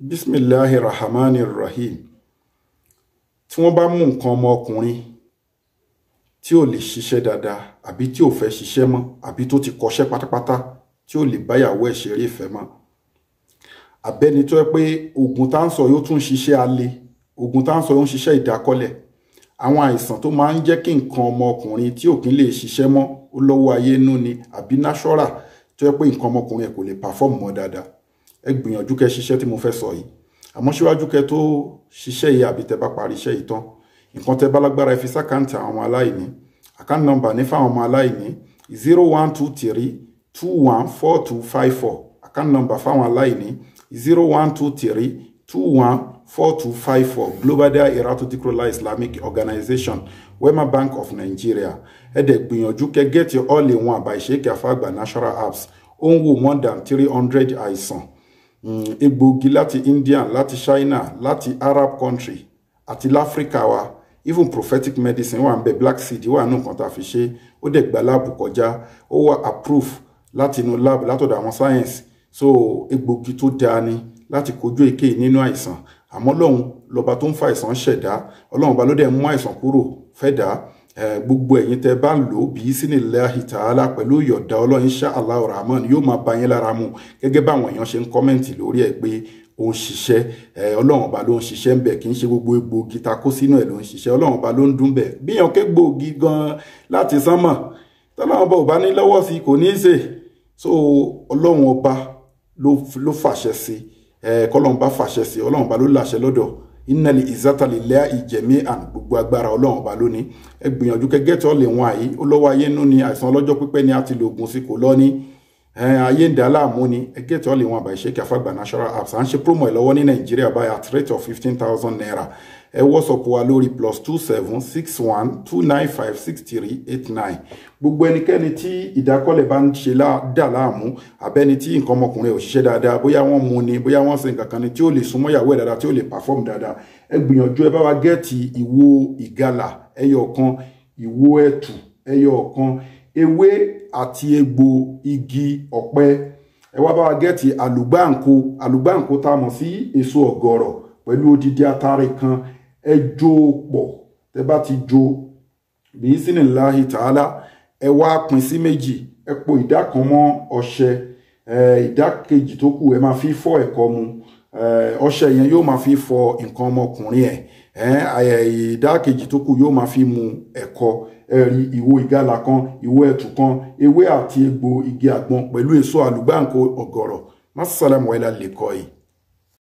bisimilahi rahmani rahim tí wọ́n bá mú nǹkan ọmọkùnrin tí ò lè ṣiṣẹ́ dáadáa àbí tí ò fẹ́ ṣiṣẹ́ mọ́ àbí tó ti kọṣẹ́ pátápátá tí ò lè báyàwó ẹ̀ ṣeré ìfẹ́ mọ́ àbẹ́ni tó yẹ pé oògùn tá ń sọ yóò tún ṣiṣẹ́ alẹ oògùn tá ń sọ yóò ń ṣiṣẹ́ ìdákọ́lẹ̀ àwọn àìsàn tó máa ń jẹ́ kí nǹkan ọmọkùnrin tí òkín lè ṣiṣẹ́ mọ́ ó lọ́wọ́ ayé nú ni àbí náṣọ́rà tó yẹ pé nǹkan ọmọkùnrin kò lè pàfọ́ọ̀mù mọ́ dáadáa ẹ gbìyànjú kẹ́ ṣiṣẹ́ tí mo fẹ́ sọ yìí àmọ́ síwájú kẹ́ tó ṣiṣẹ́ yìí àbí tẹ́ bá parí iṣẹ́ yìí tán nǹkan tẹ́ bá lágbára ẹ fi sákàǹtì àwọn ọmọ aláìní àkáǹtì nọ́mbà ní fáwọn ọmọ aláìní zero one two three two one four two five four àkáǹtì nọ́mbà fáwọn aláìní zero one two three two one four two five four Global Dahiratu Dhikrlahi Islamic Organization Wema Bank of Nigeria ẹ dẹ̀ gbìyànjú kẹ́ get your all in one àbá ìṣèkè àfàgbà national apps ó ń wò more than three hundred àìsàn Mm, egbòogi láti India láti China láti Arab country àti láfíríkà wa even prophetic medicine wà ń bẹ black seed wà nù kan tá a fi ṣe ó dẹ̀ gba láàbù kọjá ó wà approve láti inú lab látọ̀dọ̀ àwọn science so egbòogi tó dáa ni láti kojú èké nínú àìsàn àmọ́ lọ́hùn lọ́ba tó ń fa àìsàn ṣẹ̀dá ọlọ́run ba mú àìsàn kúrò fẹ́ dáa gbogbo ẹ̀yin tẹ́ bá ń lò ó bí sinilahi ta'ala pẹ̀lú ìyọ̀dá ọlọ́run insha Allah rahman yóò máa bá yín lára mu gẹ́gẹ́ báwọn èèyàn ṣe ń kọ́mẹ̀ntì lórí ẹ̀ pé ó ń ṣiṣẹ́ ọlọ́run ọba ló ń ṣiṣẹ́ ń bẹ̀ kì í ṣe gbogbo egbòogi ta kó sínú ẹ̀ ló ń ṣiṣẹ́ ọlọ́run ọba ló ń dún bẹ̀ bíyàn ké gbòogi gan-an láti sánmọ̀ tọ́lọ́run ọba ò bá ní lọ́wọ́ ọlọ́run ọba ló fàṣẹ sí ọlọ́run ọba ló láṣẹ lọ́dọ̀ ìnàlẹ̀ ìzátàlélẹ́ ìjẹ̀mí àn gbogbo agbára ọlọ́run ọba lónìí ẹ gbìyànjú kẹgẹ́tọ̀ lè wọn àyí ó lọ́wọ́ ayé nú ni àìsàn ọlọ́jọ́ pípẹ́ ni a ti lo sí kò lọ́ ní ayé ń dà láàmú ni ẹ get all in one by Sheikh Afagba national apps à ń ṣe promo ẹ̀ lọ́wọ́ ní nàìjíríà by at rate of fifteen thousand naira ẹ WhatsApp wa lórí plus two seven six one two nine five six three eight nine gbogbo ẹnikẹ́ni tí ìdákọ́lẹ̀ bá ń ṣe dà láàmú abẹ́ni tí nǹkan ọmọkùnrin ò ṣiṣẹ́ dáadáa bóyá wọ́n mu ni bóyá wọ́n ṣe nǹkan kan ni tí ó lè súnmọ́ ìyàwó ẹ̀ dáadáa tí ó lè perform dáadáa ẹ gbìyànjú ẹ bá wa gẹ́ẹ̀tì ìwo ìgalà ẹyọ kan ìwo ẹ̀tù ẹyọ kan ewé àti egbò igi ọ̀pẹ ẹ wá bá wa gẹ́ẹ̀tì àlùgbàǹkó àlùgbàǹkó tá a mọ̀ sí èso ọ̀gọ̀rọ̀ pẹ̀lú odidi atare kan ẹ jó o pọ̀ tẹ bá ti jó bí sinilahi ta'ala ẹ wá pín sí méjì ẹ po ìdá kan mọ́ ọṣẹ ìdá kejì tó kù ẹ máa fi fọ ẹ̀kọ mu ọṣẹ yẹn yóò máa fi fọ nǹkan ọmọkùnrin ẹ̀ ìdákejì tó kù yóò máa fi mu ẹ̀kọ ẹ̀rí ìwo ìgalà kan ìwo ẹ̀tù kan ewé àti egbò igi àgbọn pẹ̀lú èso àlùgbàǹkó ọ̀gọ̀rọ̀ má sàlámù ẹ̀ lálẹ́ kọ́ yìí.